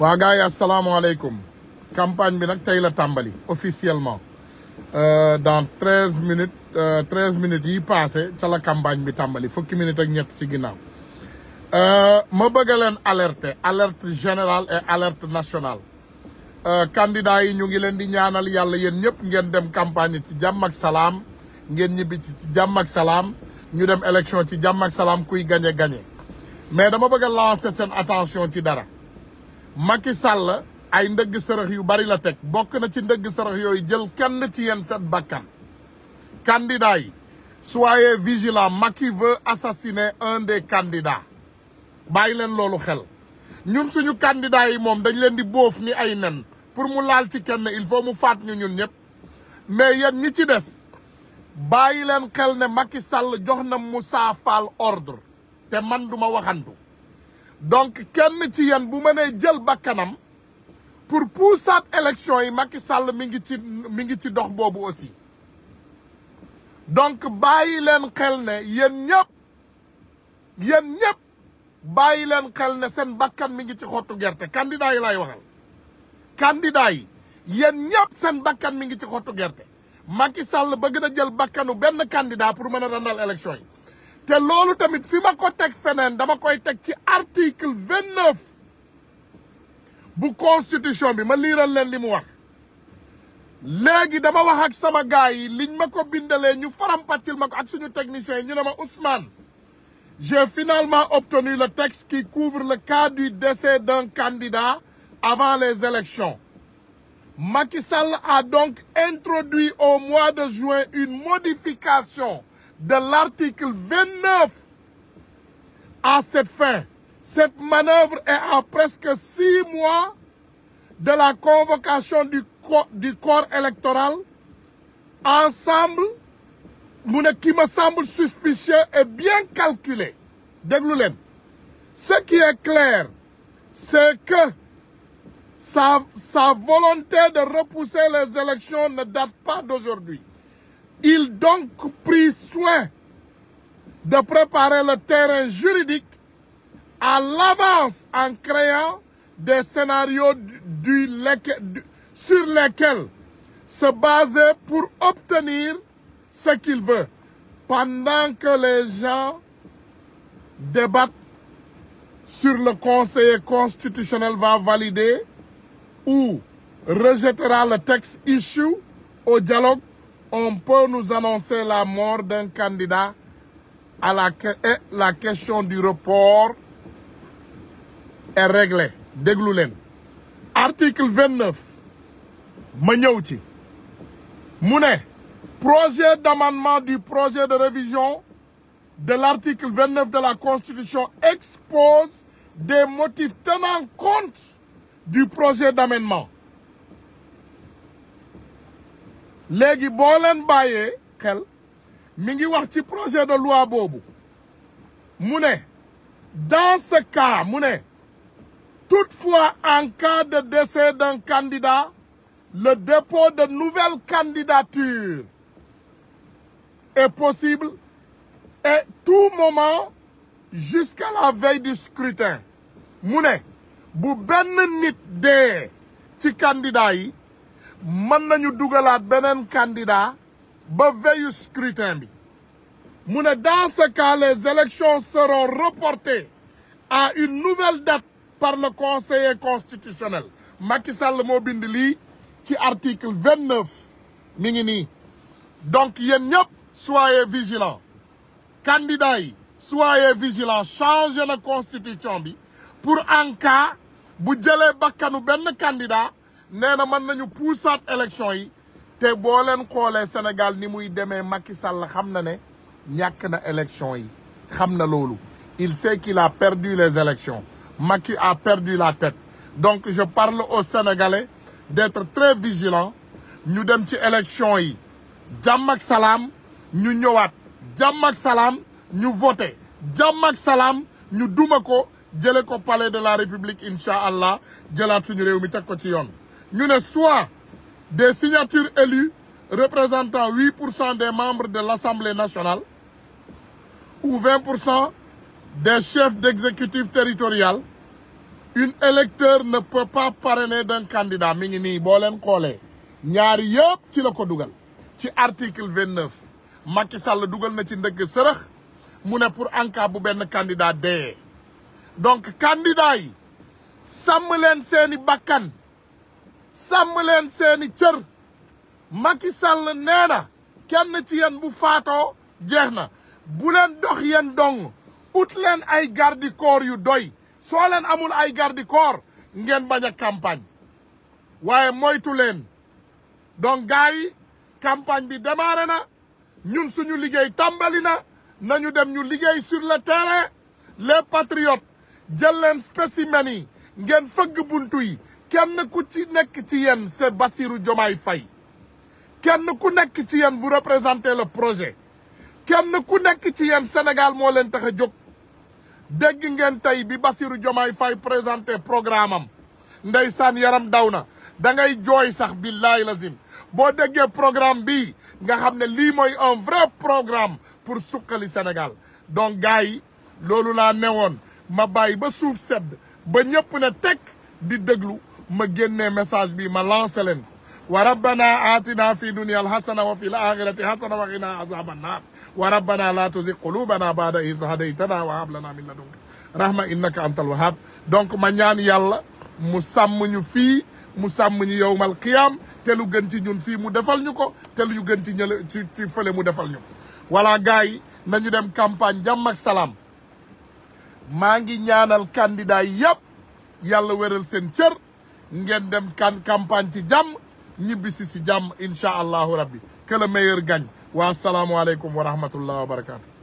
waa gars yi asalaamaaleykum campagne bi nag tey la tàmbali officiellement euh, dans treize minutes euh, treize minutes yi passé ca la campagne bi tàmbali fukki minutes ak ñett ci ginnaaw euh, ma bëgg a leen alerter alerte générale et alerte nationale candidats yi ñu ngi leen di ñaanal yàlla yéen ñëpp ngeen dem campagne ci jàmm ak salaam ngeen ñibbi ci jàmm ak salaam ñu dem élection ci jàmm ak salaam kuy gañe gañe mais dama bëgg a lancer seen attention ci dara Macky Sall ay ndëgg sërëx yu bari la teg bokk na ci ndëgg sërëx yooyu jël kenn ci yenn set bakkan candidat yi soyez vigilant Macky veut un des candidats bàyyi leen loolu xel ñun suñu candidat yi moom dañ leen di boof ni ay nen pour mu laal ci kenn il faut mu faat ñu ñun ñëpp mais yéen ñi ci des bàyyi leen xel ne Macky Sall jox na Moussa Fall ordre te man duma waxantu donc kenn ci yéen bu mënee jël bakkanam pour poussaat élection yi Macky Sall mi ngi ci mi ngi ci dox boobu aussi donc bàyyi leen xel ne yéen ñëpp yéen ñëpp bàyyi leen xel ne seen bakkan mi ngi ci xottu gerte candidat yi laay waxal candidat yi yéen ñëpp seen bakkan mi ngi ci xottu gerte Macky ba gën a jël bakkanu benn candidat pour mën a randal élection yi te loolu tamit fi ma ko teg feneen dama koy teg ci article vingt neuf bu constitution bi ma liiral leen li mu wax léegi dama wax ak sama gars yi liñ ma ko bindalee ñu faram-pàccil ma ko ak suñu technicien yi ñu ne ma Ousmane j'ai finalement obtenu le texte qui couvre le cas du décès d'un candidat avant les élections Macky Sall a donc introduit au mois de juin une modification de l'article 29 à cette fin. Cette manœuvre est à presque six mois de la convocation du corps, ne qui me semble est clair, c'est que sa, sa volonté de repousser les élections ne date pas d'aujourd'hui. Il donc prit soin de préparer le terrain juridique à l'avance en créant des scénarios sur lesquels se baser pour obtenir ce qu'il veut. Pendant que les gens débattent sur le conseiller constitutionnel va valider ou rejettera le texte issu au dialogue on peut nous annoncer la mort d'un candidat à la, la question du report déglu leen article vingt-neuf ñëw ci mu ne projet d'amendement du projet de révision de l'article vingt-neuf de la constitution expose des motifs tenant compte du projet d'amendement léegi boo leen bàyyee mi ngi wax ci projet de loi boobu mu ne dans ce cas mu ne toutefois en cas de décès d'un candidat le dépôt de nouvelle candidatures est possible et tout moment jusqu'à la veille du scrutin mu ne bu benn nit dee ci candidat yi mën nañu dugalaat beneen candidat ba veillu scrutin bi mu ne dans ce cas les élections seront reportées à une nouvelle date par le conseiller constitutionnel Macky Sall moo bind lii ci article vingt neuf mi ngi nii donc yéen ñëpp soyez vigilants candidats yi soyez vigilants changer na constitution bi pour en cas bu jëlee bakkanu benn candidat nee na mën nañu puusaat élection yi te boo leen xoolee Sénégal ni muy demee Macky Sall xam na ne ñàkk na élection yi xam na loolu il sait qu'il a perdu les élections Macky a perdu la tête donc je parle aux Sénégalais d'être très vigilants ñu dem ci élection yi jàmm ak salaam ñu ñëwaat jàmm ak salaam ñu voté jàmm ak salaam ñu duma ko jële ko palais de la république incha allah jëlaat suñu réew mi teg ko ci yoon ñu ne soit des signatures élues représentant huit pour cent des membres de l'Assemblée nationale ou vingt pour cent des chefs d'exécutif territorial une électeur ne peut pas parrainer d'un candidat mi ngi nii boo leen xoolee ñaari yëpp ci la ko dugal ci article vingt-neuf Macky Sall dugal na ci ndëgg sërëx mu ne pour en bu benn candidat dee donc candidat yi sàmm leen seeni bakkan sàmm leen seeni cër Macky Sall nee kenn ci yen bu faatoo jeex na bu leen dox yéen dong ut leen ay garde yu doy soo leen amul ay garde ngeen bañ a waaye moytu leen donc gars yi campagne bi démarré na ñun suñu liggéey tàmbali na nañu dem ñu liggéey sur le terrain les patriotes jël leen spécimen ngeen fëgg buntu yi kenn ku ci nekk ci yéen c'est Bassirou Diomaye fay kenn ku nekk ci yéen vous représentez le projet kenn ku nekk ci yéen Sénégal moo leen tax a jóg dégg ngeen tey bi Bassirou Diomaye fay présenté programme am san yaram daw na da ngay jooy sax billaay lazim boo déggee programme bi nga xam ne lii mooy un vrai programme pour sukkali Sénégal donc gars yi loolu laa newoon ma bàyyi ba suuf sedd ba ñëpp ne tek di déglu ma génnee message bi ma lancé leen ko wa rabbana atina fi dunia alxasana wa fi l axirati xasana wa xina azab annar wa rabbana la tuzi qulubana baada is hadaytana wa hab lana min ladunka rahma innaka anta alwahab donc ma ñaan yàlla mu sàmm ñu fii mu sàmm ñu yowmal qiyam te lu gën ci ñun fii mu defal ñu ko te lu gën ci ñële ci ci fële mu defal ñu ko voilà gars yi nañu dem campagne jàmm ak salaam maa ngi ñaanal candidat yi yëpp yàlla wéral seen cër ngeen dem kan campagne ci jàmm ñibbisi si jàmm incha allahu rabbi que le meilleur gagne waa salaamualeykum wa rahmatullah wa barakaatu.